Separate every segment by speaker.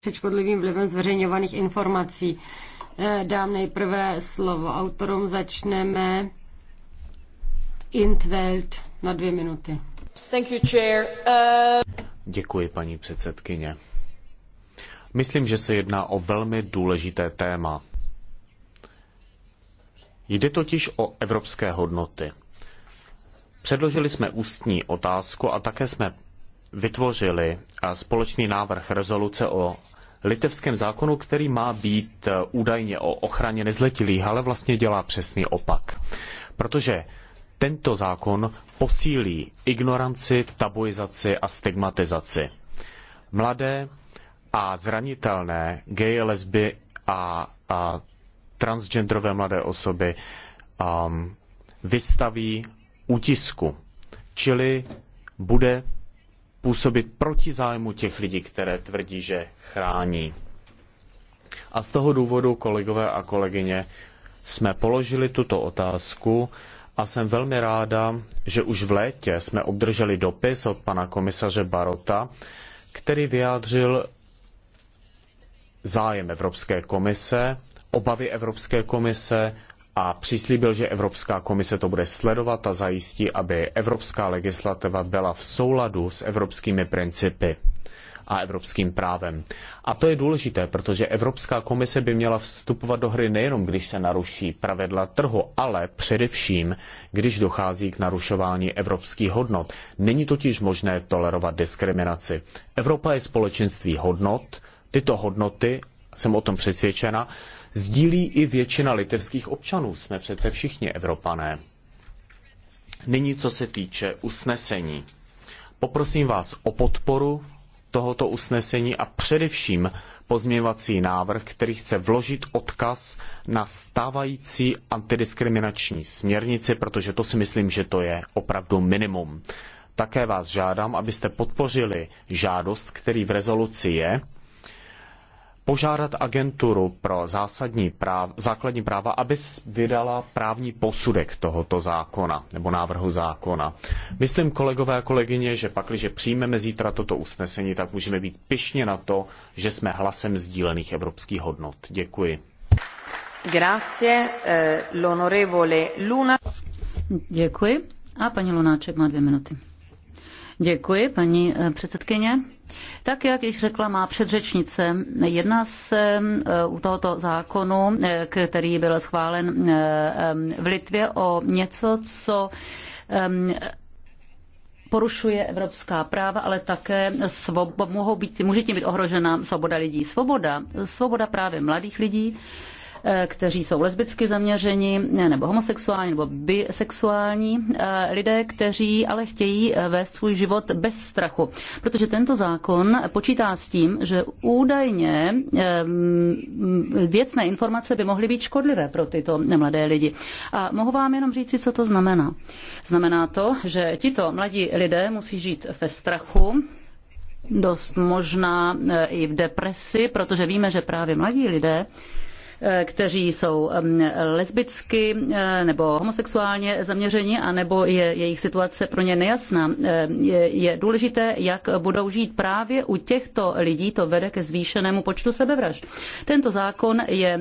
Speaker 1: před škodlivým vlivem zveřejňovaných informací. Eh, dám nejprve slovo autorům, začneme Intveld na dvě minuty.
Speaker 2: Thank you, chair. Uh... Děkuji, paní předsedkyně. Myslím, že se jedná o velmi důležité téma. Jde totiž o evropské hodnoty. Předložili jsme ústní otázku a také jsme vytvořili eh, společný návrh rezoluce o litevském zákonu, který má být eh, údajně o ochraně nezletilých, ale vlastně dělá přesný opak. Protože tento zákon posílí ignoranci, tabuizaci a stigmatizaci. Mladé a zranitelné gay, lesby a, a transgenderové mladé osoby um, vystaví útisku, čili bude působit proti zájmu těch lidí, které tvrdí, že chrání. A z toho důvodu, kolegové a kolegyně, jsme položili tuto otázku a jsem velmi ráda, že už v létě jsme obdrželi dopis od pana komisaře Barota, který vyjádřil zájem Evropské komise, obavy Evropské komise a přislíbil, že Evropská komise to bude sledovat a zajistí, aby evropská legislativa byla v souladu s evropskými principy a evropským právem. A to je důležité, protože Evropská komise by měla vstupovat do hry nejenom, když se naruší pravidla trhu, ale především, když dochází k narušování evropských hodnot. Není totiž možné tolerovat diskriminaci. Evropa je společenství hodnot, tyto hodnoty jsem o tom přesvědčena, sdílí i většina litevských občanů. Jsme přece všichni Evropané. Nyní, co se týče usnesení. Poprosím vás o podporu tohoto usnesení a především pozměvací návrh, který chce vložit odkaz na stávající antidiskriminační směrnici, protože to si myslím, že to je opravdu minimum. Také vás žádám, abyste podpořili žádost, který v rezoluci je, požádat agenturu pro zásadní práv, základní práva, aby vydala právní posudek tohoto zákona nebo návrhu zákona. Myslím, kolegové a kolegyně, že pakliže přijmeme zítra toto usnesení, tak můžeme být pišně na to, že jsme hlasem sdílených evropských hodnot. Děkuji.
Speaker 3: Grazie, eh,
Speaker 1: l'onorevole Luna.
Speaker 3: Děkuji. A paní Lunáček má dvě minuty. Děkuji, paní eh, předsedkyně. Tak, jak již řekla má předřečnice, jedná se eh, u tohoto zákonu, eh, který byl schválen eh, v Litvě, o něco, co porušuje evropská práva, ale také svob- mohou být, může tím být ohrožena svoboda lidí. Svoboda, svoboda právě mladých lidí, Eh, kteří jsou lesbicky zaměření nebo homosexuální nebo bisexuální eh, lidé, kteří ale chtějí eh, vést svůj život bez strachu. Protože tento zákon počítá s tím, že údajně věcné informace by mohly být škodlivé pro tyto mladé lidi. A mohu vám jenom říci, co to znamená. Znamená to, že tito mladí lidé musí žít ve strachu, dost možná i v depresi, protože víme, že právě mladí lidé Eh, kteří jsou lesbicky eh, nebo homosexuálně zaměřeni, anebo je jejich situace pro ně nejasná. Eh, je důležité, jak budou žít právě u těchto lidí, to vede ke zvýšenému počtu sebevražd. Tento zákon je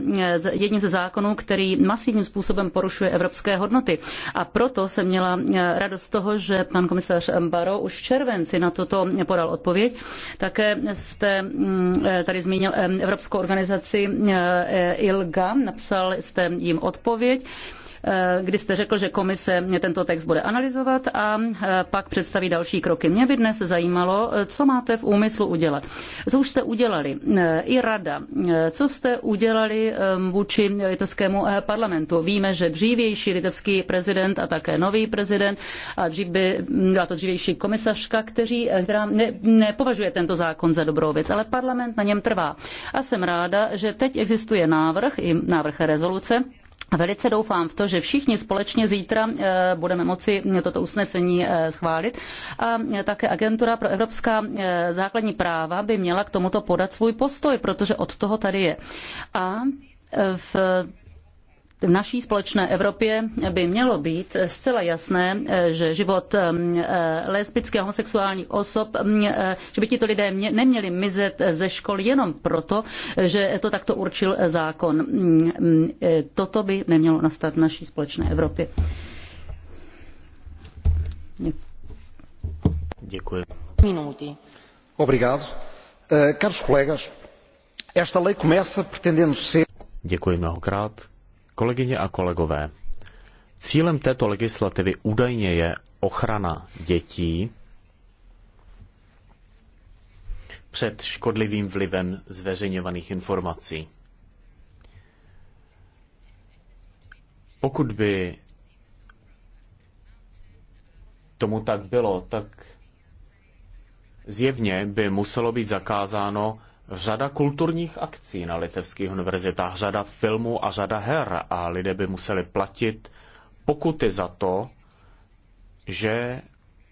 Speaker 3: jedním ze zákonů, který masivním způsobem porušuje evropské hodnoty. A proto jsem měla radost z toho, že pan komisař Baro už v červenci na toto podal odpověď. Také jste mm, tady zmínil Evropskou organizaci Ilga, napsal jste jim odpověď. Eh, kdy jste řekl, že komise tento text bude analyzovat a eh, pak představí další kroky. Mě by dnes zajímalo, eh, co máte v úmyslu udělat. Co už jste udělali? I rada. Co jste udělali ehm, vůči litevskému parlamentu? Víme, že dřívější litevský prezident a také nový prezident a dřív by, hm, byla to dřívější komisařka, kteří, která ne, nepovažuje tento zákon za dobrou věc, ale parlament na něm trvá. A jsem ráda, že teď existuje návrh, i návrh rezoluce, Velice doufám v to, že všichni společně zítra eh, budeme moci toto usnesení eh, schválit. A také agentura pro evropská eh, základní práva by měla k tomuto podat svůj postoj, protože od toho tady je. A v v naší společné Evropě by mělo být zcela jasné, že život eh, eh, lesbických a homosexuálních osob, eh, že by tito lidé neměli mizet ze školy jenom proto, že to takto určil zákon. Mm, toto by nemělo nastat v naší společné Evropě.
Speaker 2: Děkuji. Minuty. Obrigado. Caros colegas, esta lei começa pretendendo ser... Děkuji mnohokrát. Kolegyně a kolegové, cílem této legislativy údajně je ochrana dětí před škodlivým vlivem zveřejňovaných informací. Pokud by tomu tak bylo, tak zjevně by muselo být zakázáno řada kulturních akcí na litevských univerzitách, řada filmů a řada her a lidé by museli platit pokuty za to, že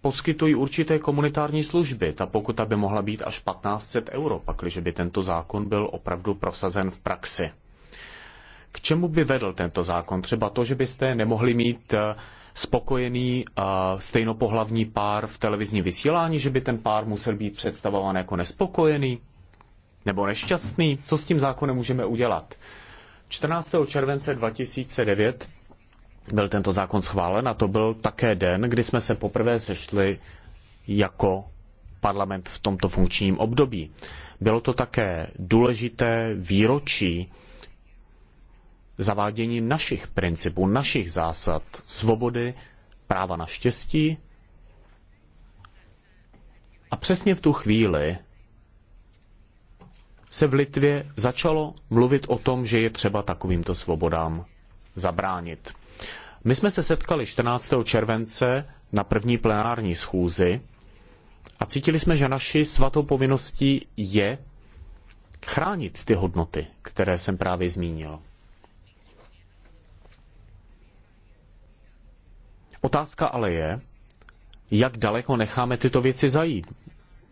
Speaker 2: poskytují určité komunitární služby. Ta pokuta by mohla být až 1500 euro, pakliže by tento zákon byl opravdu prosazen v praxi. K čemu by vedl tento zákon? Třeba to, že byste nemohli mít eh, spokojený eh, stejnopohlavní pár v televizní vysílání, že by ten pár musel být představován jako nespokojený? Nebo nešťastný? Co s tím zákonem můžeme udělat? 14. července 2009 byl tento zákon schválen a to byl také den, kdy jsme se poprvé sešli jako parlament v tomto funkčním období. Bylo to také důležité výročí zavádění našich principů, našich zásad, svobody, práva na štěstí. A přesně v tu chvíli se v Litvě začalo mluvit o tom, že je třeba takovýmto svobodám zabránit. My jsme se setkali 14. července na první plenární schůzi a cítili jsme, že naši svatou povinností je chránit ty hodnoty, které jsem právě zmínil. Otázka ale je, jak daleko necháme tyto věci zajít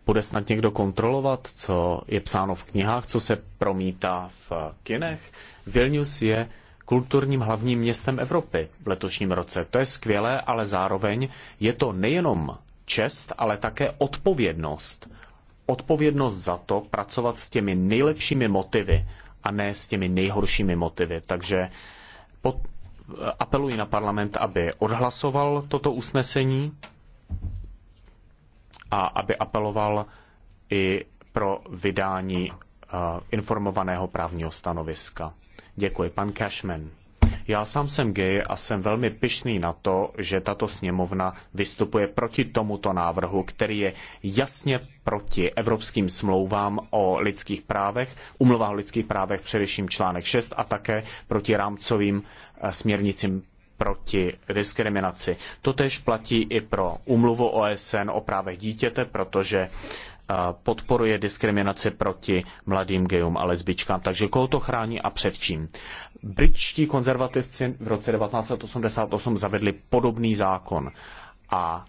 Speaker 2: bude snad někdo kontrolovat, co je psáno v knihách, co se promítá v kinech. Vilnius je kulturním hlavním městem Evropy v letošním roce. To je skvělé, ale zároveň je to nejenom čest, ale také odpovědnost. Odpovědnost za to pracovat s těmi nejlepšími motivy a ne s těmi nejhoršími motivy. Takže pod, apeluji na parlament, aby odhlasoval toto usnesení a aby apeloval i pro vydání eh, informovaného právního stanoviska. Děkuji. Pan Cashman. Já sám jsem gay a jsem velmi pyšný na to, že tato sněmovna vystupuje proti tomuto návrhu, který je jasně proti evropským smlouvám o lidských právech, umluvám o lidských právech, především článek 6 a také proti rámcovým eh, směrnicím proti diskriminaci. Totež platí i pro umluvu OSN o právech dítěte, protože eh, podporuje diskriminaci proti mladým gejům a lesbičkám. Takže koho to chrání a před čím? Britští konzervativci v roce 1988 zavedli podobný zákon a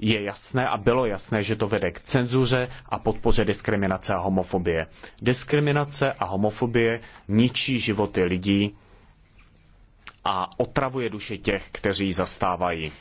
Speaker 2: je jasné a bylo jasné, že to vede k cenzuře a podpoře diskriminace a homofobie. Diskriminace a homofobie ničí životy lidí, a otravuje duše těch, kteří ji zastávají.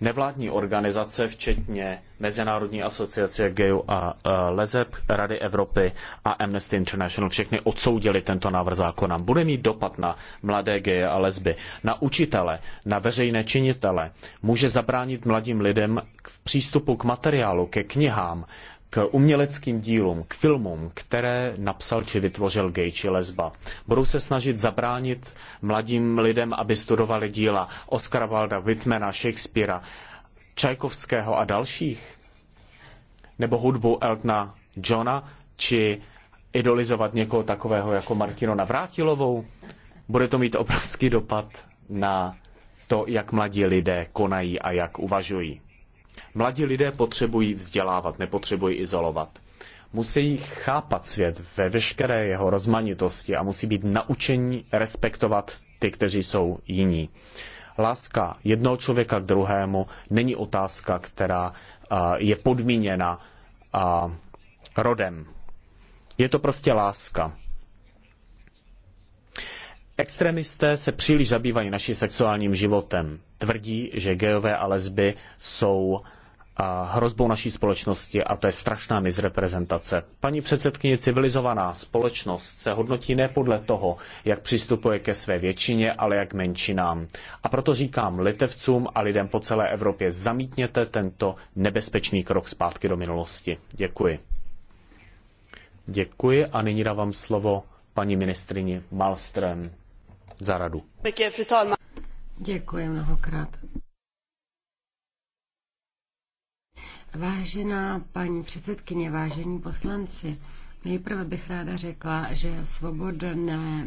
Speaker 2: Nevládní organizace, včetně Mezinárodní asociace gejů a e, lezeb, Rady Evropy a Amnesty International, všechny odsoudili tento návrh zákona. Bude mít dopad na mladé geje a lesby, na učitele, na veřejné činitele. Může zabránit mladým lidem v přístupu k materiálu, ke knihám, k uměleckým dílům, k filmům, které napsal či vytvořil gay či lesba. Budou se snažit zabránit mladým lidem, aby studovali díla Oscara Walda, Whitmana, Shakespearea, Čajkovského a dalších? Nebo hudbu Eltona Johna, či idolizovat někoho takového jako Martino Navrátilovou? Bude to mít obrovský dopad na to, jak mladí lidé konají a jak uvažují. Mladí lidé potřebují vzdělávat, nepotřebují izolovat. Musí chápat svět ve veškeré jeho rozmanitosti a musí být naučení respektovat ty, kteří jsou jiní. Láska jednoho člověka k druhému není otázka, která je podmíněna rodem. Je to prostě láska. Extremisté se příliš zabývají naším sexuálním životem. Tvrdí, že gejové a lesby jsou hrozbou naší společnosti a to je strašná mizreprezentace. Paní předsedkyně, civilizovaná společnost se hodnotí ne podle toho, jak přistupuje ke své většině, ale jak menšinám. A proto říkám litevcům a lidem po celé Evropě, zamítněte tento nebezpečný krok zpátky do minulosti. Děkuji. Děkuji a nyní dávám slovo paní ministrině Malström za radu.
Speaker 1: Děkuji mnohokrát. Vážená paní předsedkyně, vážení poslanci, nejprve bych ráda řekla, že svobodné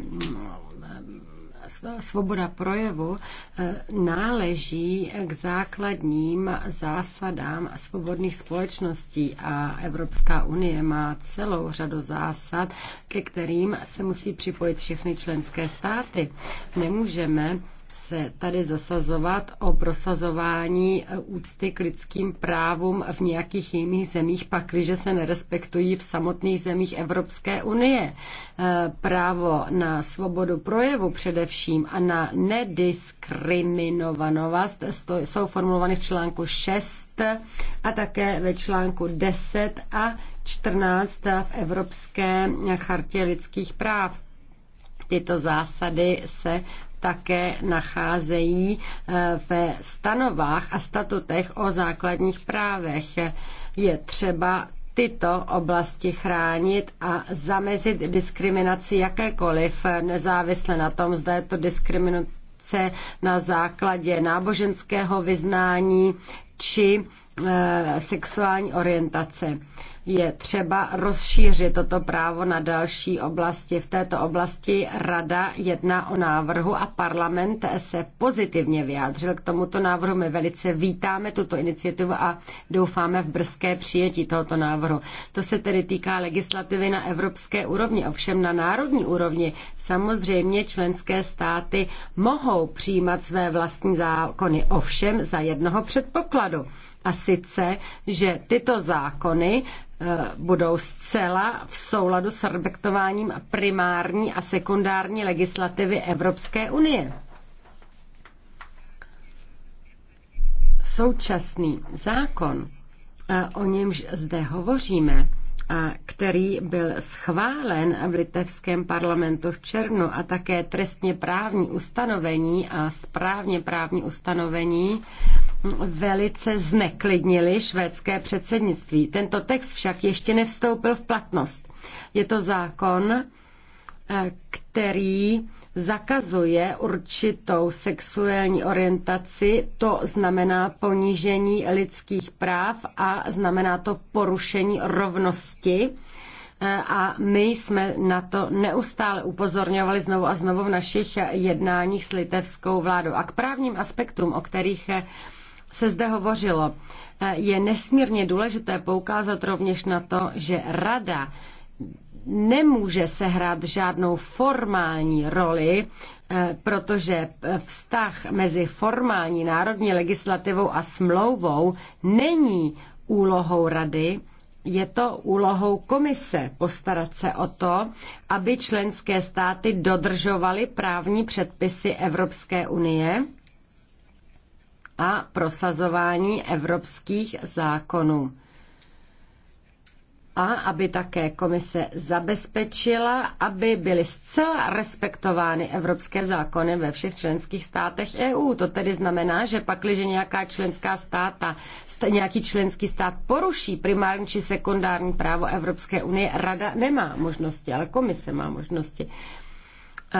Speaker 1: svoboda projevu eh, náleží k základním zásadám svobodných společností a Evropská unie má celou řadu zásad, ke kterým se musí připojit všechny členské státy. Nemůžeme se tady zasazovat o prosazování e, úcty k lidským právům v nějakých jiných zemích, pakliže se nerespektují v samotných zemích Evropské unie. E, právo na svobodu projevu především a na nediskriminovanost jsou formulovány v článku 6 a také ve článku 10 a 14 v Evropské chartě lidských práv tyto zásady se také nacházejí eh, ve stanovách a statutech o základních právech. Je třeba tyto oblasti chránit a zamezit diskriminaci jakékoliv, nezávisle na tom, zda je to diskriminace na základě náboženského vyznání či Eh, sexuální orientace. Je třeba rozšířit toto právo na další oblasti. V této oblasti rada jedná o návrhu a parlament se pozitivně vyjádřil k tomuto návrhu. My velice vítáme tuto iniciativu a doufáme v brzké přijetí tohoto návrhu. To se tedy týká legislativy na evropské úrovni, ovšem na národní úrovni. Samozřejmě členské státy mohou přijímat své vlastní zákony, ovšem za jednoho předpokladu a sice, že tyto zákony eh, budou zcela v souladu s respektováním primární a sekundární legislativy Evropské unie. Současný zákon, eh, o němž zde hovoříme, a eh, který byl schválen v litevském parlamentu v Černu a také trestně právní ustanovení a správně právní ustanovení velice zneklidnili švédské předsednictví. Tento text však ještě nevstoupil v platnost. Je to zákon, eh, který zakazuje určitou sexuální orientaci, to znamená ponížení lidských práv a znamená to porušení rovnosti. Eh, a my jsme na to neustále upozorňovali znovu a znovu v našich jednáních s litevskou vládou. A k právním aspektům, o kterých eh, se zde hovořilo. E, je nesmírně důležité poukázat rovněž na to, že Rada nemůže sehrát žádnou formální roli, e, protože vztah mezi formální národní legislativou a smlouvou není úlohou Rady, je to úlohou komise postarat se o to, aby členské státy dodržovaly právní předpisy Evropské unie a prosazování evropských zákonů. A aby také komise zabezpečila, aby byly zcela respektovány evropské zákony ve všech členských státech EU. To tedy znamená, že pakliže nějaká členská státa, nějaký členský stát poruší primární či sekundární právo Evropské unie, rada nemá možnosti, ale komise má možnosti.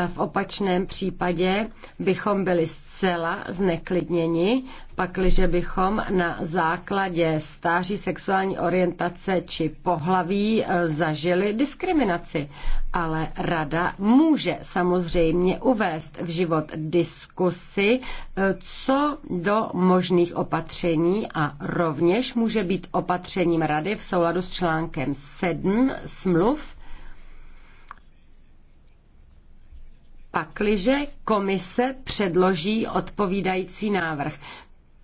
Speaker 1: V opačném případě bychom byli zcela zneklidněni, pakliže bychom na základě stáří sexuální orientace či pohlaví e, zažili diskriminaci. Ale rada může samozřejmě uvést v život diskusy, e, co do možných opatření a rovněž může být opatřením rady v souladu s článkem 7 smluv pakliže komise předloží odpovídající návrh.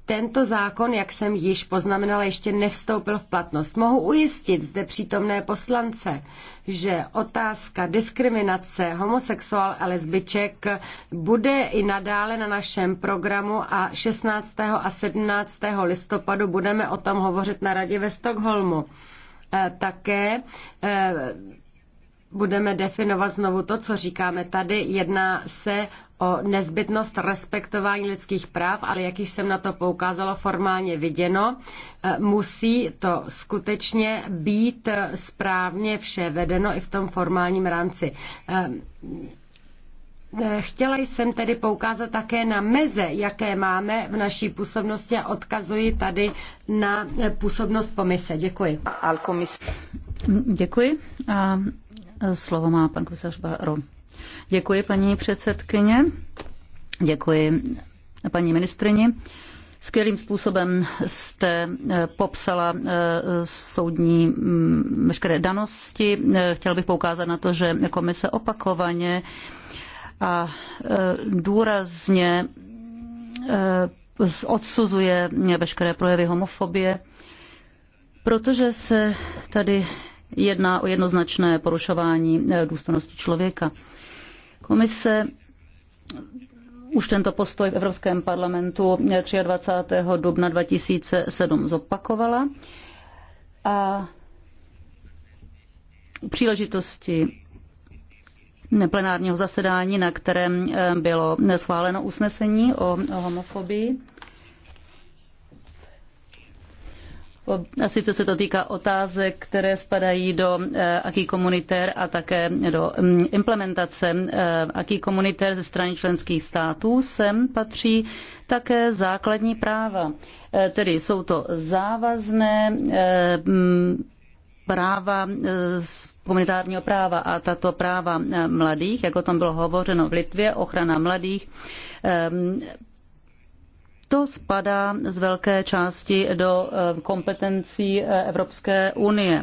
Speaker 1: Tento zákon, jak jsem již poznamenala, ještě nevstoupil v platnost. Mohu ujistit zde přítomné poslance, že otázka diskriminace homosexuál a lesbiček bude i nadále na našem programu a 16. a 17. listopadu budeme o tom hovořit na radě ve Stockholmu. E, také e, budeme definovat znovu to, co říkáme tady. Jedná se o nezbytnost respektování lidských práv, ale jak již jsem na to poukázala formálně viděno, eh, musí to skutečně být správně vše vedeno i v tom formálním rámci. Eh, eh, chtěla jsem tedy poukázat také na meze, jaké máme v naší působnosti a odkazuji tady na působnost komise. Děkuji.
Speaker 3: Děkuji. A Slovo má pan komisař Baro. Děkuji, paní předsedkyně. Děkuji, paní ministrině. Skvělým způsobem jste eh, popsala eh, soudní mm, veškeré danosti. Eh, chtěl bych poukázat na to, že komise opakovaně a důrazně odsuzuje veškeré projevy homofobie, protože se tady jedná o jednoznačné porušování eh, důstojnosti člověka. Komise už tento postoj v Evropském parlamentu 23. Eh, dubna 2007 zopakovala a u příležitosti plenárního zasedání, na kterém eh, bylo schváleno usnesení o homofobii, A sice se to týká otázek, které spadají do eh, aký komunitér a také do mm, implementace eh, aký komunitér ze strany členských států. Sem patří také základní práva. Eh, tedy jsou to závazné mm, práva z komunitárního práva a tato práva mladých, jak o tom bylo hovořeno v Litvě, ochrana mladých, to spadá z velké části do eh, kompetencí eh, Evropské unie.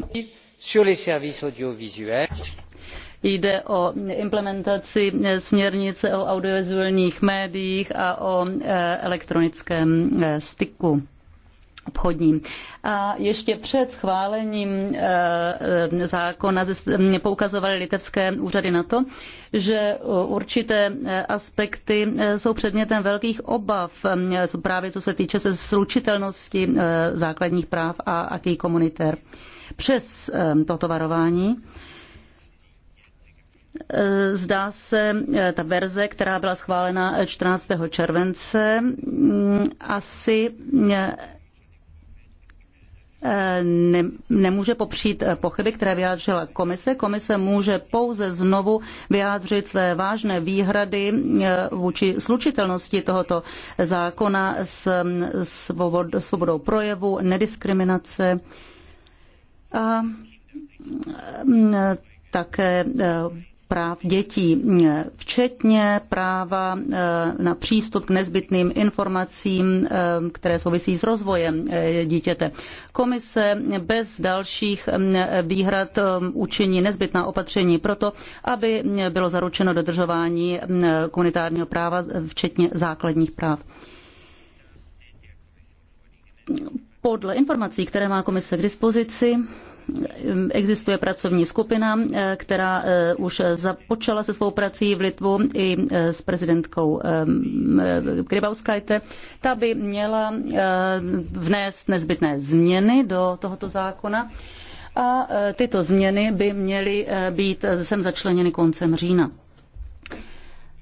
Speaker 3: Jde o implementaci eh, směrnice o audiovizuálních médiích a o elektronickém styku obchodní. A ještě před schválením eh, eh, zákona poukazovaly litevské úřady na to, že eh, určité aspekty jsou předmětem velkých obav, právě co se týče se slučitelnosti základních práv a aký komunitér. Přes toto varování Zdá se, ta verze, která byla schválena 14. července, mm, asi ne, nemůže popřít eh, pochyby, které vyjádřila komise. Komise může pouze znovu vyjádřit své vážné výhrady eh, vůči slučitelnosti tohoto zákona s mm, svobod, svobodou projevu, nediskriminace. A mm, také eh, práv dětí, včetně práva eh, na přístup k nezbytným informacím, eh, které souvisí s rozvojem eh, dítěte. Komise bez dalších výhrad učiní nezbytná opatření proto, aby bylo zaručeno dodržování komunitárního práva, včetně základních práv. Podle informací, které má komise k dispozici, Existuje pracovní skupina, eh, která eh, už započala se svou prací v Litvu i eh, s prezidentkou ehm, Grybauskajte. Ta by měla vnést nezbytné změny do tohoto zákona a tyto změny by měly být sem začleněny koncem října.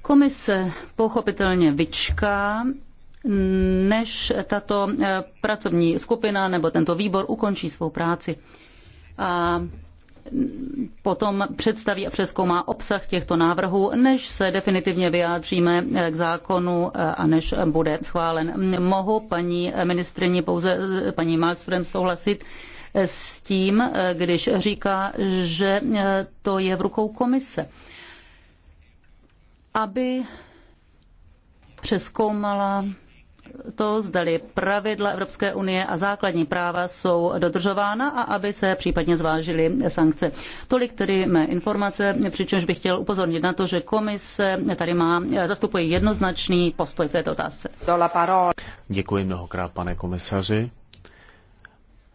Speaker 3: Komise pochopitelně vyčká, než tato pracovní skupina nebo tento výbor ukončí svou práci a potom představí a přeskoumá obsah těchto návrhů, než se definitivně vyjádříme k zákonu a než bude schválen. Mohu paní ministrině pouze paní Malström souhlasit s tím, když říká, že to je v rukou komise, aby přeskoumala to, zdali pravidla Evropské unie a základní práva jsou dodržována a aby se případně zvážily sankce. Tolik tedy mé informace, přičemž bych chtěl upozornit na to, že komise tady má, zastupuje jednoznačný postoj v této otázce.
Speaker 2: Děkuji mnohokrát, pane komisaři.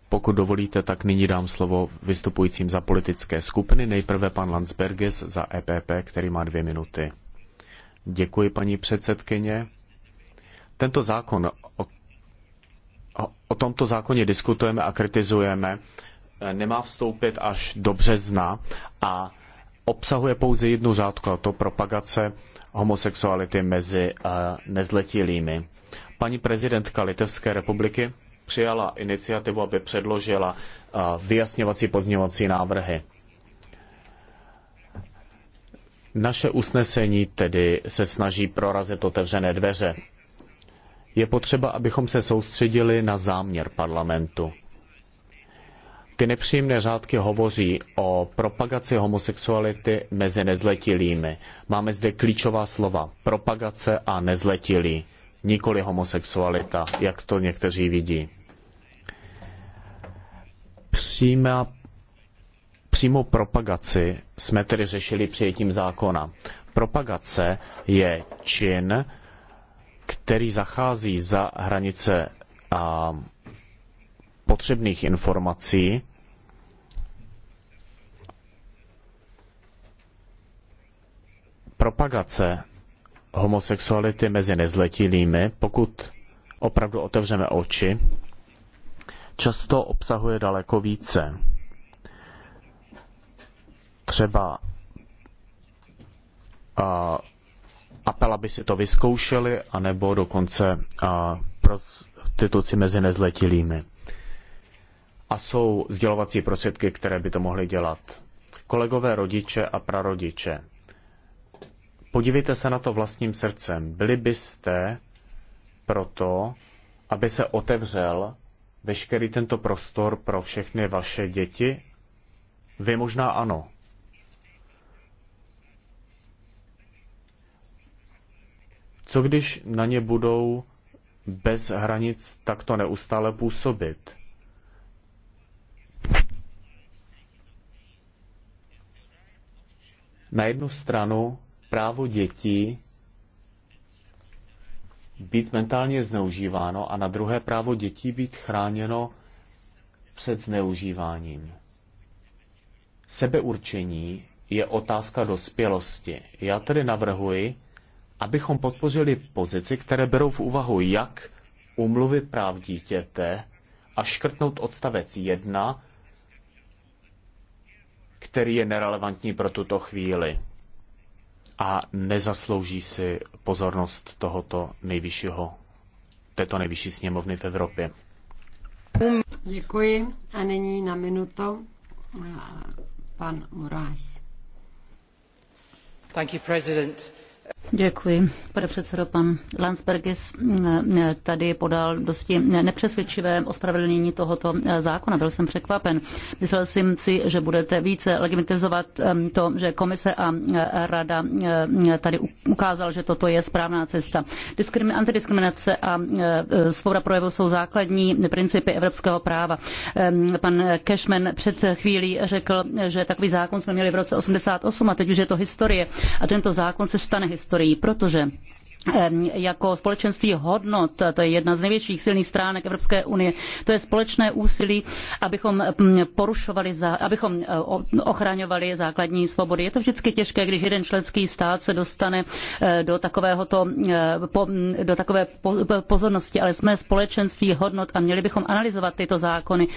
Speaker 2: Pokud dovolíte, tak nyní dám slovo vystupujícím za politické skupiny. Nejprve pan Landsbergis za EPP, který má dvě minuty. Děkuji, paní předsedkyně. Tento zákon, o, o tomto zákoně diskutujeme a kritizujeme, eh, nemá vstoupit až do března a obsahuje pouze jednu řádku, a to propagace homosexuality mezi eh, nezletilými. Paní prezidentka Litevské republiky přijala iniciativu, aby předložila eh, vyjasňovací pozměňovací návrhy. Naše usnesení tedy se snaží prorazit otevřené dveře je potřeba, abychom se soustředili na záměr parlamentu. Ty nepříjemné řádky hovoří o propagaci homosexuality mezi nezletilými. Máme zde klíčová slova propagace a nezletilí, nikoli homosexualita, jak to někteří vidí. Přímá, přímou propagaci jsme tedy řešili přijetím zákona. Propagace je čin, který zachází za hranice a, potřebných informací, propagace homosexuality mezi nezletilými, pokud opravdu otevřeme oči, často obsahuje daleko více. Třeba a, apel, aby si to vyzkoušeli, anebo dokonce prostituci mezi nezletilými. A jsou sdělovací prostředky, které by to mohly dělat. Kolegové rodiče a prarodiče, podívejte se na to vlastním srdcem. Byli byste proto, aby se otevřel veškerý tento prostor pro všechny vaše děti? Vy možná ano, Co když na ně budou bez hranic takto neustále působit? Na jednu stranu právo dětí být mentálně zneužíváno a na druhé právo dětí být chráněno před zneužíváním. Sebeurčení je otázka dospělosti. Já tedy navrhuji, abychom podpořili pozici, které berou v úvahu jak umluvy práv dítěte a škrtnout odstavec 1, který je nerelevantní pro tuto chvíli a nezaslouží si pozornost tohoto nejvyššího, této nejvyšší sněmovny v Evropě.
Speaker 1: Děkuji a nyní na minuto eh, pan Moraes.
Speaker 2: Thank you, President.
Speaker 1: Děkuji, pane předsedo. Pan Landsbergis
Speaker 3: eh, tady podal dosti nepřesvědčivé ospravedlnění tohoto eh, zákona. Byl jsem překvapen. Myslel jsem si, že budete více legitimizovat ehm, to, že komise a eh, rada tady ukázal, že toto je správná cesta. antidiskriminace a svoboda projevu jsou základní principy evropského práva. Ehm, pan Cashman před chvílí řekl, že takový zákon jsme měli v roce 88 a teď už je to historie. A tento zákon se stane historií historii, protože Ehm, jako společenství hodnot, to je jedna z největších silných stránek Evropské unie, to je společné úsilí, abychom mm, porušovali, abychom e, ochraňovali základní svobody. Je to vždycky těžké, když jeden členský stát se dostane e, do, takovéhoto, e, do takové pozornosti, ale jsme společenství hodnot a měli bychom analyzovat tyto zákony.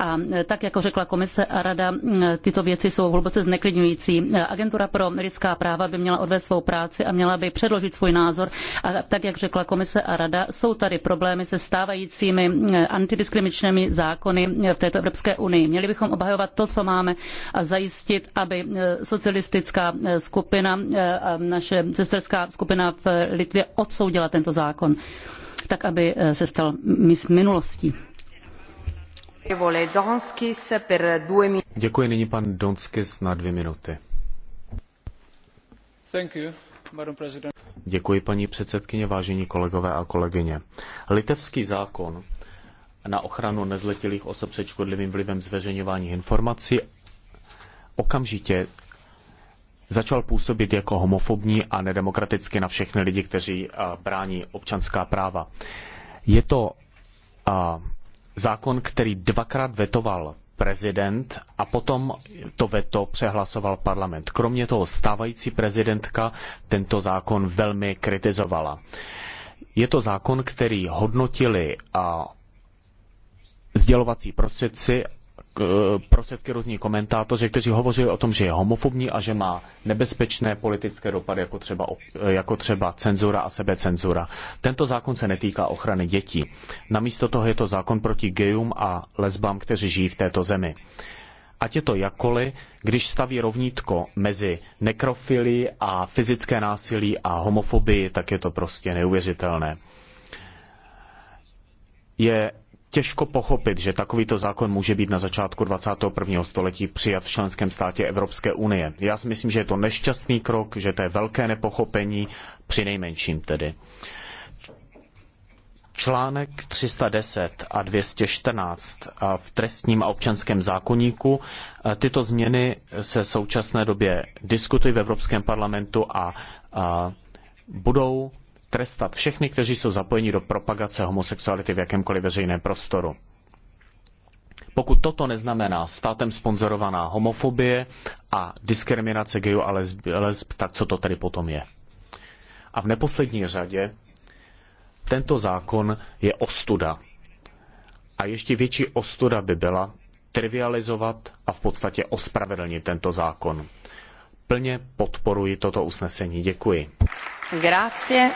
Speaker 3: A tak, jako řekla komise a rada, tyto věci jsou hluboce zneklidňující. Agentura pro lidská práva by měla odvést svou práci a měla by předložit svůj názor a tak, jak řekla komise a rada, jsou tady problémy se stávajícími eh, antidiskriminačními zákony v této Evropské unii. Měli bychom obhajovat to, co máme a zajistit, aby eh, socialistická eh, skupina, naše sesterská skupina v Litvě odsoudila tento zákon, tak aby se stal minulostí.
Speaker 2: Děkuji nyní pan Donskis na dvě minuty. Thank you. Děkuji, paní předsedkyně, vážení kolegové a kolegyně. Litevský zákon na ochranu nezletilých osob před škodlivým vlivem zveřejňování informací okamžitě začal působit jako homofobní a nedemokratický na všechny lidi, kteří brání občanská práva. Je to zákon, který dvakrát vetoval prezident a potom to veto přehlasoval parlament. Kromě toho stávající prezidentka tento zákon velmi kritizovala. Je to zákon, který hodnotili a sdělovací prostředci E, prostředky různí komentátoři, kteří hovořili o tom, že je homofobní a že má nebezpečné politické dopady, jako třeba, e, jako třeba cenzura a sebecenzura. Tento zákon se netýká ochrany dětí. Namísto toho je to zákon proti gejům a lesbám, kteří žijí v této zemi. Ať je to jakkoliv, když staví rovnítko mezi nekrofily a fyzické násilí a homofobii, tak je to prostě neuvěřitelné. Je těžko pochopit, že takovýto zákon může být na začátku 21. století přijat v členském státě Evropské unie. Já si myslím, že je to nešťastný krok, že to je velké nepochopení, při nejmenším tedy. Článek 310 a 214 v trestním a občanském zákoníku. Tyto změny se v současné době diskutují v Evropském parlamentu a budou trestat všechny, kteří jsou zapojeni do propagace homosexuality v jakémkoliv veřejném prostoru. Pokud toto neznamená státem sponzorovaná homofobie a diskriminace gejů a lesb, lesb, tak co to tedy potom je? A v neposlední řadě tento zákon je ostuda. A ještě větší ostuda by byla trivializovat a v podstatě ospravedlnit tento zákon. Plně podporuji toto usnesení. Děkuji.
Speaker 1: Grazie.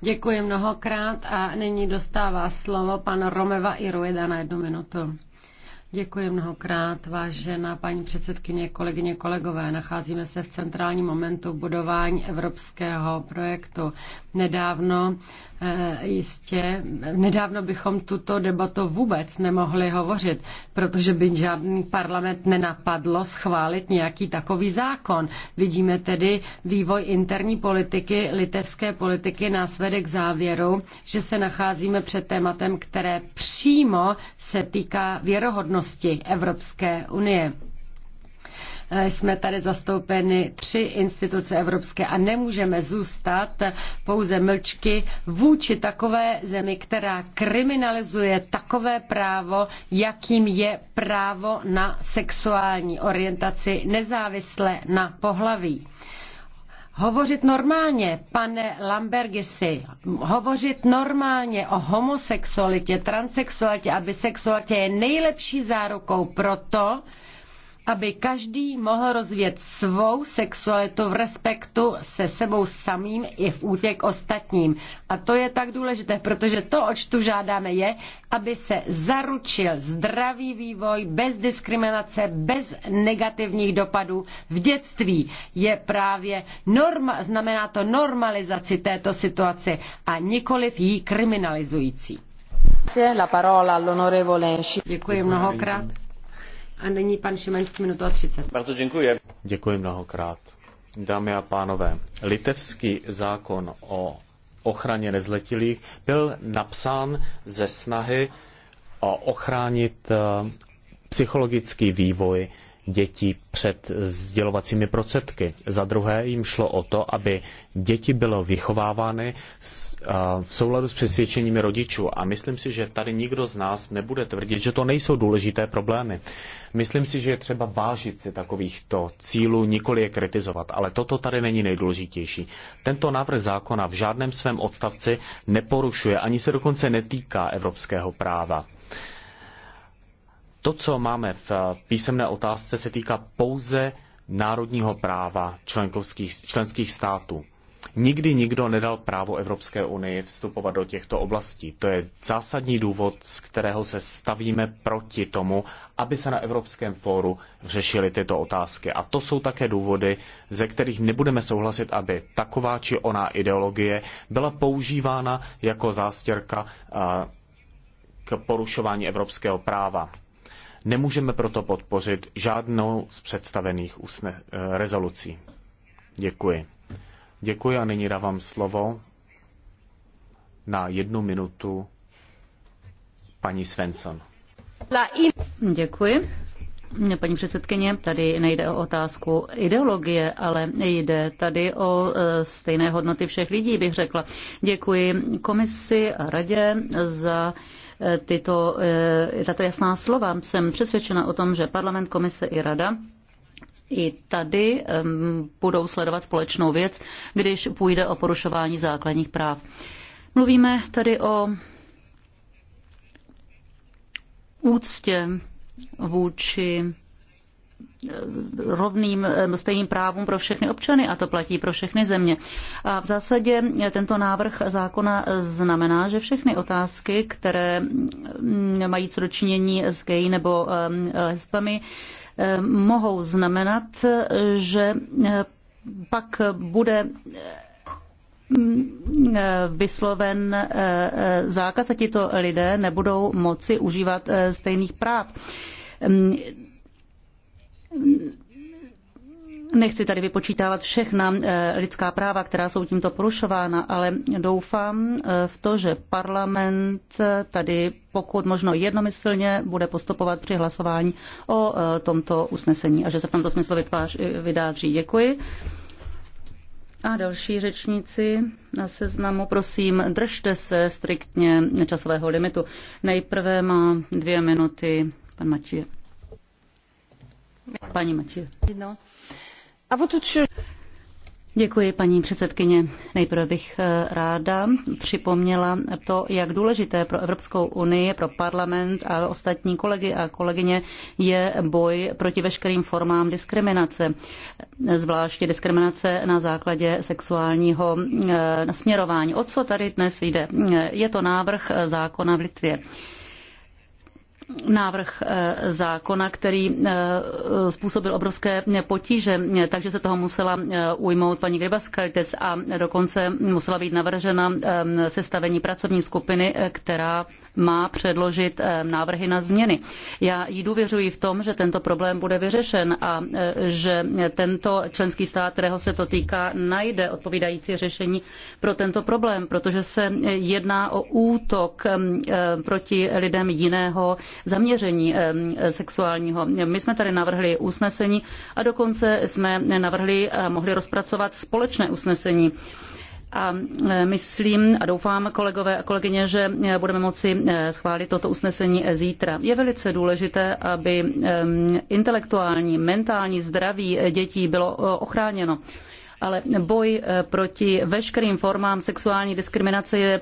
Speaker 1: Děkuji mnohokrát a nyní dostává slovo pan Romeva i Rueda na jednu minutu. Děkuji mnohokrát, vážená paní předsedkyně, kolegyně, kolegové. Nacházíme se v centrálním momentu budování evropského projektu. Nedávno eh, jistě, nedávno bychom tuto debatu vůbec nemohli hovořit, protože by žádný parlament nenapadlo schválit nějaký takový zákon. Vidíme tedy vývoj interní politiky, litevské politiky nás vede k závěru, že se nacházíme před tématem, které přímo se týká věrohodnosti schopnosti Evropské unie eh, jsme tady zastoupeny tři instituce evropské a nemůžeme zůstat pouze mlčky vůči takové zemi, která kriminalizuje takové právo, jakým je právo na sexuální orientaci nezávisle na pohlaví. Hovořit normálně, pane Lambergisi, hovořit normálně o homosexualitě, transexualitě a bisexualitě je nejlepší zárukou pro to, aby každý mohl rozvíjet svou sexualitu v respektu se sebou samým i v útěk ostatním. A to je tak důležité, protože to, oč tu žádáme, je, aby se zaručil zdravý vývoj bez diskriminace, bez negativních dopadů v dětství. Je právě norma, znamená to normalizaci této situace a nikoliv jí kriminalizující. Děkuji mnohokrát.
Speaker 2: A není pan Šimanský minutu a 30. Bardzo děkuji. Děkuji mnohokrát. Dámy a pánové, litevský zákon o ochraně nezletilých byl napsán ze snahy o ochránit eh, psychologický vývoj dětí před sdělovacími prostředky. Za druhé jim šlo o to, aby děti bylo vychovávány v souladu s přesvědčeními rodičů. A myslím si, že tady nikdo z nás nebude tvrdit, že to nejsou důležité problémy. Myslím si, že je třeba vážit si takovýchto cílů, nikoli je kritizovat, ale toto tady není nejdůležitější. Tento návrh zákona v žádném svém odstavci neporušuje, ani se dokonce netýká evropského práva. To, co máme v eh, písemné otázce, se týká pouze národního práva členských států. Nikdy nikdo nedal právo Evropské unii vstupovat do těchto oblastí. To je zásadní důvod, z kterého se stavíme proti tomu, aby se na Evropském fóru řešily tyto otázky. A to jsou také důvody, ze kterých nebudeme souhlasit, aby taková či oná ideologie byla používána jako zástěrka eh, k porušování evropského práva. Nemůžeme proto podpořit žádnou z představených usne- eh, rezolucí. Děkuji. Děkuji a nyní dávám slovo na jednu minutu paní Svensson.
Speaker 3: Děkuji. Paní předsedkyně, tady nejde o otázku ideologie, ale jde tady o eh, stejné hodnoty všech lidí, bych řekla. Děkuji komisi a radě za Eh, tyto, eh, tato jasná slova. Jsem přesvědčena o tom, že parlament, komise i rada i tady budou sledovat společnou věc, když půjde o porušování základních práv. Mluvíme tady o úctě vůči rovným eh, stejným právům pro všechny občany a to platí pro všechny země. A v zásadě tento návrh zákona znamená, že všechny otázky, které mm, mají co dočinění s gay nebo eh, lesbami, eh, mohou znamenat, že pak bude mm, vysloven zákaz a tito lidé nebudou moci užívat stejných práv mm, Nechci tady vypočítávat všechna eh, lidská práva, která jsou tímto porušována, ale doufám eh, v to, že parlament eh, tady pokud možno jednomyslně bude postupovat při hlasování o tomto usnesení a že se v tomto smyslu vydáří. Děkuji. A další řečníci na seznamu, prosím, držte se striktně časového limitu. Nejprve má dvě minuty pan Matěj. Paní no. Děkuji, paní předsedkyně. Nejprve bych eh, ráda připomněla to, jak důležité pro Evropskou unii, pro parlament a ostatní kolegy a kolegyně je boj proti veškerým formám diskriminace, zvláště diskriminace na základě sexuálního eh, nasměrování. O co tady dnes jde? Je to návrh eh, zákona v Litvě návrh eh, zákona, který eh, způsobil obrovské potíže, takže se toho musela eh, ujmout paní Grebaskaites a dokonce musela být navržena sestavení pracovní skupiny, která má předložit eh, návrhy na změny. Já jí důvěřuji v tom, že tento problém bude vyřešen a eh, že tento členský stát, kterého se to týká, najde odpovídající řešení pro tento problém, protože se eh, jedná o útok proti lidem jiného zaměření sexuálního. My jsme tady navrhli usnesení a dokonce jsme navrhli, mohli rozpracovat společné usnesení a e, myslím a doufám, kolegové a kolegyně, že e, budeme moci e, schválit toto usnesení zítra. Je velice důležité, aby intelektuální, mentální zdraví dětí bylo ochráněno ale boj proti veškerým formám sexuální diskriminace je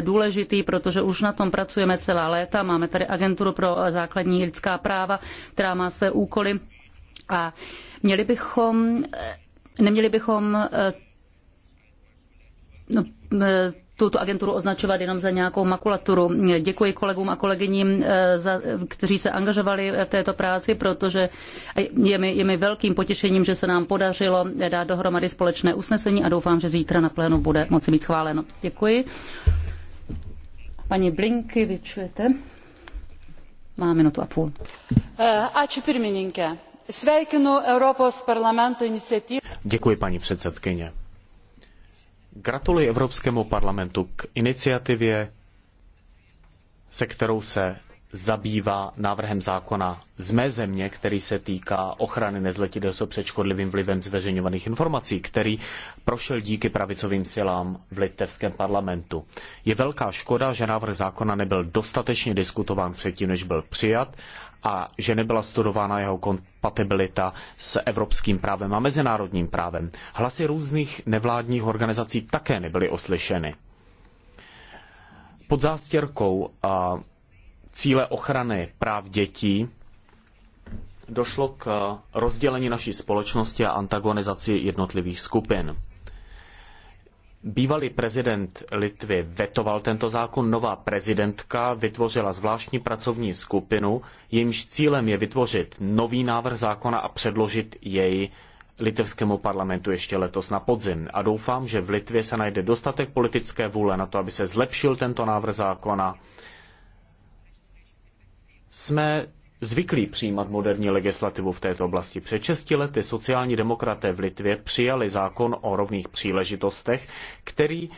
Speaker 3: důležitý, protože už na tom pracujeme celá léta. Máme tady agenturu pro základní lidská práva, která má své úkoly a měli bychom Neměli bychom No, e, tuto agenturu označovat jenom za nějakou makulaturu. Děkuji kolegům a kolegyním, e, kteří se angažovali v této práci, protože je mi, je mi velkým potěšením, že se nám podařilo dát dohromady společné usnesení a doufám, že zítra na plénu bude moci být chváleno. Děkuji. Paní Blinky, vyčujete. Má minutu a půl. E, Ači pirmininkė. Sveikinu Europos parlamento iniciativu.
Speaker 2: Děkuji, paní předsedkyně Gratuluji Evropskému parlamentu k iniciativě, se kterou se zabývá návrhem zákona z mé země, který se týká ochrany nezletilých osob před škodlivým vlivem zveřejňovaných informací, který prošel díky pravicovým silám v litevském parlamentu. Je velká škoda, že návrh zákona nebyl dostatečně diskutován předtím, než byl přijat a že nebyla studována jeho kompatibilita s evropským právem a mezinárodním právem. Hlasy různých nevládních organizací také nebyly oslyšeny. Pod zástěrkou a cíle ochrany práv dětí, došlo k rozdělení naší společnosti a antagonizaci jednotlivých skupin. Bývalý prezident Litvy vetoval tento zákon, nová prezidentka vytvořila zvláštní pracovní skupinu, jejímž cílem je vytvořit nový návrh zákona a předložit jej litevskému parlamentu ještě letos na podzim. A doufám, že v Litvě se najde dostatek politické vůle na to, aby se zlepšil tento návrh zákona jsme zvyklí přijímat moderní legislativu v této oblasti. Před šesti lety sociální demokraté v Litvě přijali zákon o rovných příležitostech, který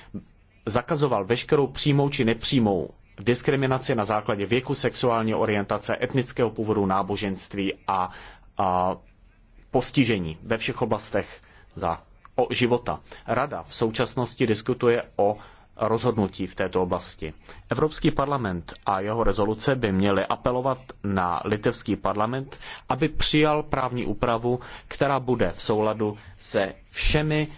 Speaker 2: zakazoval veškerou přímou či nepřímou diskriminaci na základě věku, sexuální orientace, etnického původu, náboženství a, a postižení ve všech oblastech za, o života. Rada v současnosti diskutuje o rozhodnutí v této oblasti. Evropský parlament a jeho rezoluce by měly apelovat na litevský parlament, aby přijal právní úpravu, která bude v souladu se všemi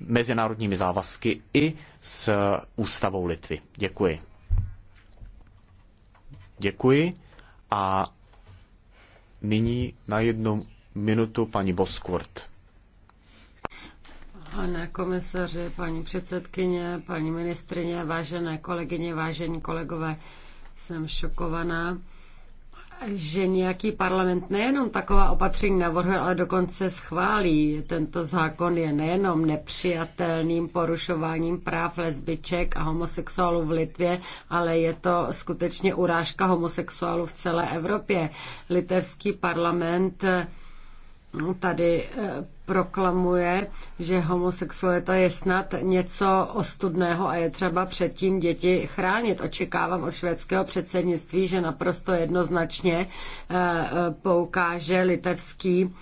Speaker 2: mezinárodními závazky i s ústavou Litvy. Děkuji. Děkuji a nyní na jednu minutu paní Boskvort.
Speaker 1: Pane komisaři, paní předsedkyně, paní ministrině, vážené kolegyně, vážení kolegové, jsem šokovaná, že nějaký parlament nejenom taková opatření navrhuje, ale dokonce schválí. Tento zákon je nejenom nepřijatelným porušováním práv lesbiček a homosexuálů v Litvě, ale je to skutečně urážka homosexuálů v celé Evropě. Litevský parlament tady eh, proklamuje, že homosexualita je snad něco ostudného a je třeba předtím děti chránit. Očekávám od švédského předsednictví, že naprosto jednoznačně eh, eh, poukáže litevský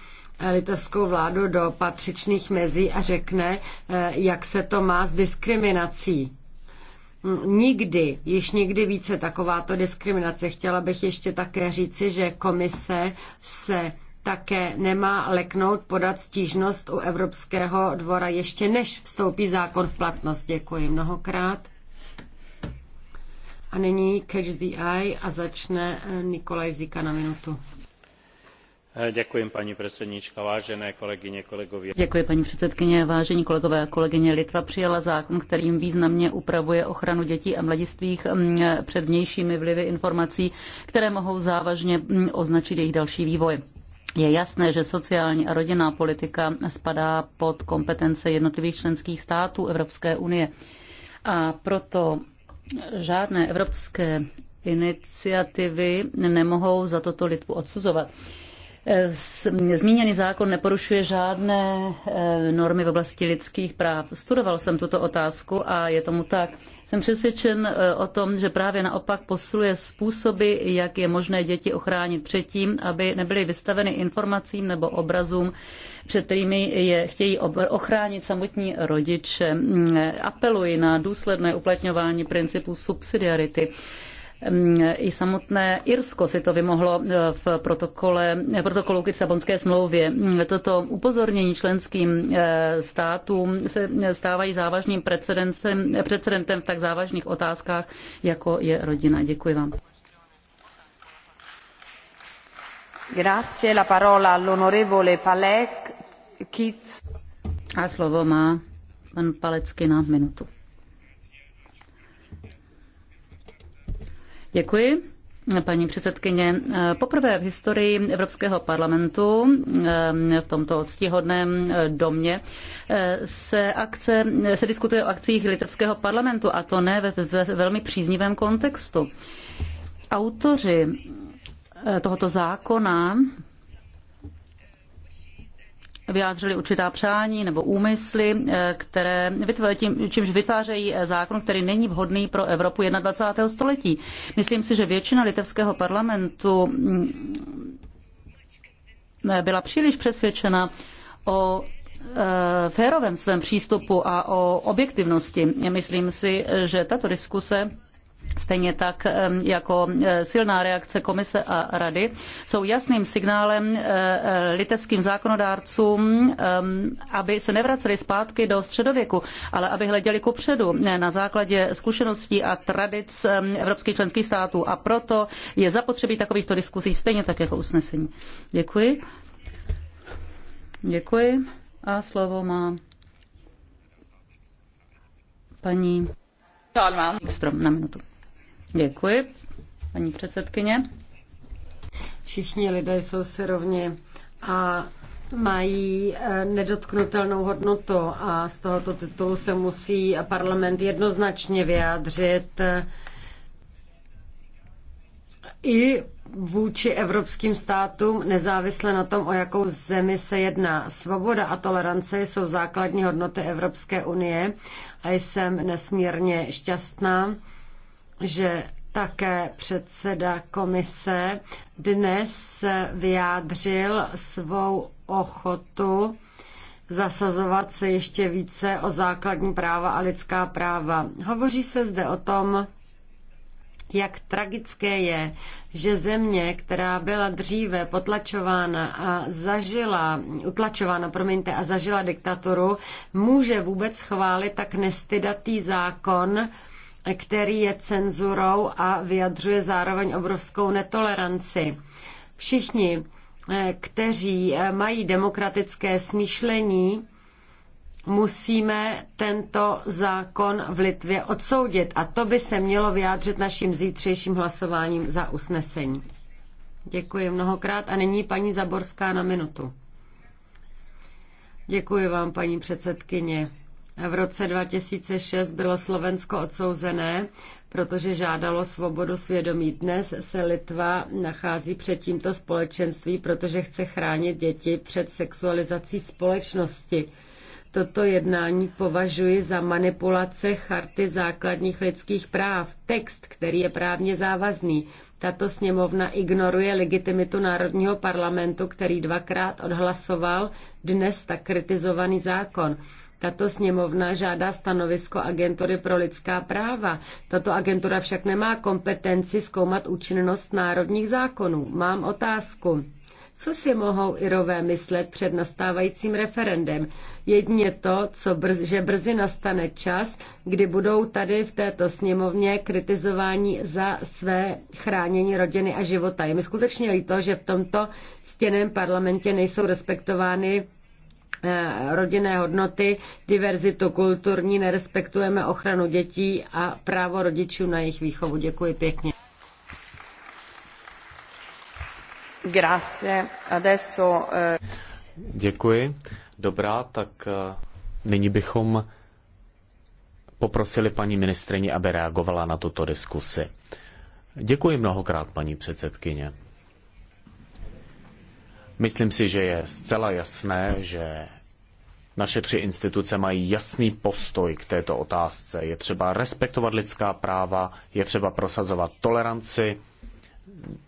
Speaker 1: litovskou vládu do patřičných mezí a řekne, jak se to má s diskriminací. Nikdy, již nikdy více takováto diskriminace. Chtěla bych ještě také říci, že komise se také nemá leknout podat stížnost u Evropského dvora ještě než vstoupí zákon v platnost. Děkuji mnohokrát. A nyní Catch the Eye a začne eh, Nikolaj Zika na minutu.
Speaker 2: Eh, děkuji, paní předsednička, vážené kolegyně, kolegové. Děkuji, paní
Speaker 3: předsedkyně, vážení kolegové a kolegyně. Litva přijala zákon, kterým významně upravuje ochranu dětí a mladistvých mm, eh, před vnějšími vlivy informací, které mohou závažně mm, označit jejich další vývoj. Je jasné, že sociální a rodinná politika spadá pod kompetence jednotlivých členských států Evropské unie. A proto žádné evropské iniciativy nemohou za toto Litvu odsuzovat. Zmíněný zákon neporušuje žádné eh, normy v oblasti lidských práv. Studoval jsem tuto otázku a je tomu tak. Jsem přesvědčen eh, o tom, že právě naopak posiluje způsoby, jak je možné děti ochránit před tím, aby nebyly vystaveny informacím nebo obrazům, před kterými je chtějí ochránit samotní rodiče. Mm, eh, apeluji na důsledné uplatňování principu subsidiarity Mm, I samotné Irsko si to vymohlo eh, v protokole, eh, protokolu k Lisabonské smlouvě. Mm, toto upozornění členským eh, státům se stávají závažným precedentem, precedentem v tak závažných otázkách, jako je rodina. Děkuji vám.
Speaker 1: Grazie, la parola
Speaker 3: all'onorevole Palek. A slovo má pan Palecky na minutu. Děkuji. Paní předsedkyně, poprvé v historii Evropského parlamentu eh, v tomto ctihodném eh, domě eh, se, akce, se diskutuje o akcích litevského parlamentu a to ne ve, ve velmi příznivém kontextu. Autoři tohoto zákona vyjádřili určitá přání nebo úmysly, eh, které tím, čímž vytvářejí eh, zákon, který není vhodný pro Evropu 21. století. Myslím si, že většina litevského parlamentu mm, eh, byla příliš přesvědčena o férovém svém přístupu a o objektivnosti. Myslím si, že tato diskuse Stejně tak eh, jako eh, silná reakce komise a rady jsou jasným signálem eh, litevským zákonodárcům, aby se nevraceli zpátky do středověku, ale aby hleděli kupředu na základě zkušeností a tradic evropských členských států. A proto je zapotřebí takovýchto diskusí stejně tak jako usnesení. Děkuji. Děkuji. A slovo má paní Wikström na minutu.
Speaker 1: Děkuji, paní předsedkyně. Všichni lidé jsou si rovni a mají eh, nedotknutelnou hodnotu a z tohoto titulu se musí parlament jednoznačně vyjádřit eh, i vůči evropským státům, nezávisle na tom, o jakou zemi se jedná. Svoboda a tolerance jsou základní hodnoty Evropské unie a jsem nesmírně šťastná, že také předseda komise dnes vyjádřil svou ochotu zasazovat se ještě více o základní práva a lidská práva. Hovoří se zde o tom, jak tragické je, že země, která byla dříve potlačována a zažila, utlačována, promiňte, a zažila diktaturu, může vůbec chválit tak nestydatý zákon, který je cenzurou a vyjadřuje zároveň obrovskou netoleranci. Všichni, eh, kteří eh, mají demokratické smýšlení, musíme tento zákon v Litvě odsoudit. A to by se mělo vyjádřit naším zítřejším hlasováním za usnesení. Děkuji mnohokrát a nyní paní Zaborská na minutu. Děkuji vám, paní předsedkyně. V roce 2006 bylo Slovensko odsouzené, protože žádalo svobodu svědomí. Dnes se Litva nachází před tímto společenství, protože chce chránit děti před sexualizací společnosti. Toto jednání považuji za manipulace Charty základních lidských práv, text, který je právně závazný. Tato sněmovna ignoruje legitimitu Národního parlamentu, který dvakrát odhlasoval dnes tak kritizovaný zákon. Tato sněmovna žádá stanovisko agentury pro lidská práva. Tato agentura však nemá kompetenci zkoumat účinnost národních zákonů. Mám otázku. Co si mohou Irové myslet před nastávajícím referendem? Jedně to, co brz, že brzy nastane čas, kdy budou tady v této sněmovně kritizováni za své chránění rodiny a života. Je mi skutečně líto, že v tomto stěném parlamentě nejsou respektovány Eh, rodinné hodnoty, diverzitu kulturní, nerespektujeme ochranu dětí a právo rodičů na jejich výchovu. Děkuji pěkně. Grazie. Adesso, eh,
Speaker 2: Děkuji. Dobrá, tak eh, nyní bychom poprosili paní ministrině, aby reagovala na tuto diskusi. Děkuji mnohokrát, paní předsedkyně. Myslím si, že je zcela jasné, že naše tři instituce mají jasný postoj k této otázce. Je třeba respektovat lidská práva, je třeba prosazovat toleranci,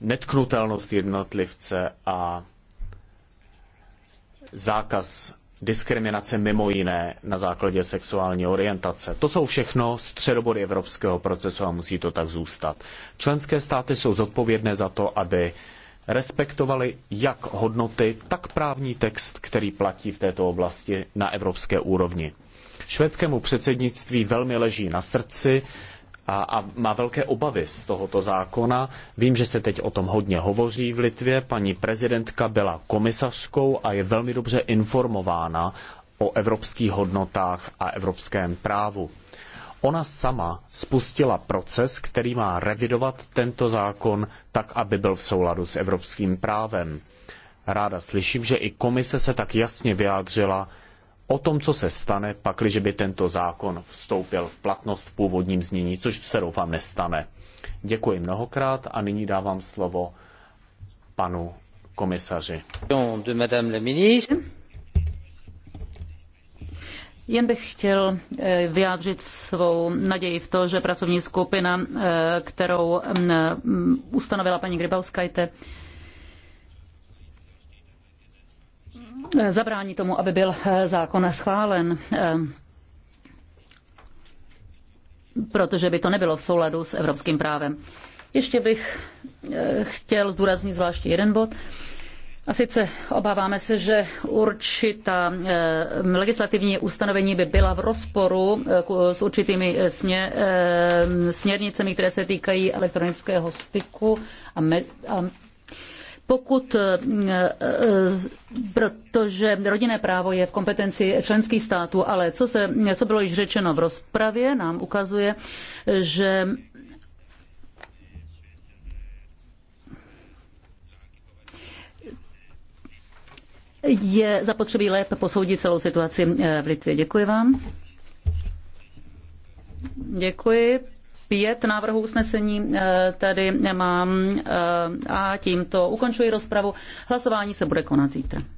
Speaker 2: netknutelnost jednotlivce a zákaz diskriminace mimo jiné na základě sexuální orientace. To jsou všechno středobody evropského procesu a musí to tak zůstat. Členské státy jsou zodpovědné za to, aby respektovali jak hodnoty, tak právní text, který platí v této oblasti na evropské úrovni. Švédskému předsednictví velmi leží na srdci a, a má velké obavy z tohoto zákona. Vím, že se teď o tom hodně hovoří v Litvě. Paní prezidentka byla komisařkou a je velmi dobře informována o evropských hodnotách a evropském právu. Ona sama spustila proces, který má revidovat tento zákon tak, aby byl v souladu s evropským právem. Ráda slyším, že i komise se tak jasně vyjádřila o tom, co se stane, pakliže by tento zákon vstoupil v platnost v původním znění, což se doufám nestane. Děkuji mnohokrát a nyní dávám slovo panu komisaři.
Speaker 3: Jen bych chtěl eh, vyjádřit svou naději v to, že pracovní skupina, eh, kterou mm, mm, ustanovila paní Grybauskajte, eh, zabrání tomu, aby byl zákon schválen protože by to nebylo v souladu s evropským právem. Ještě bych chtěl zdůraznit zvláště jeden bod. A sice obáváme se, že určitá eh, legislativní ustanovení by byla v rozporu eh, s určitými eh, směrnicemi, které se týkají elektronického styku a, me, a pokud, protože rodinné právo je v kompetenci členských států, ale co, se, co bylo již řečeno v rozpravě, nám ukazuje, že je zapotřebí lépe posoudit celou situaci eh, v Litvě. Děkuji vám. Děkuji. Pět návrhů usnesení eh, tady nemám eh, a tímto ukončuji rozpravu. Hlasování se bude konat zítra.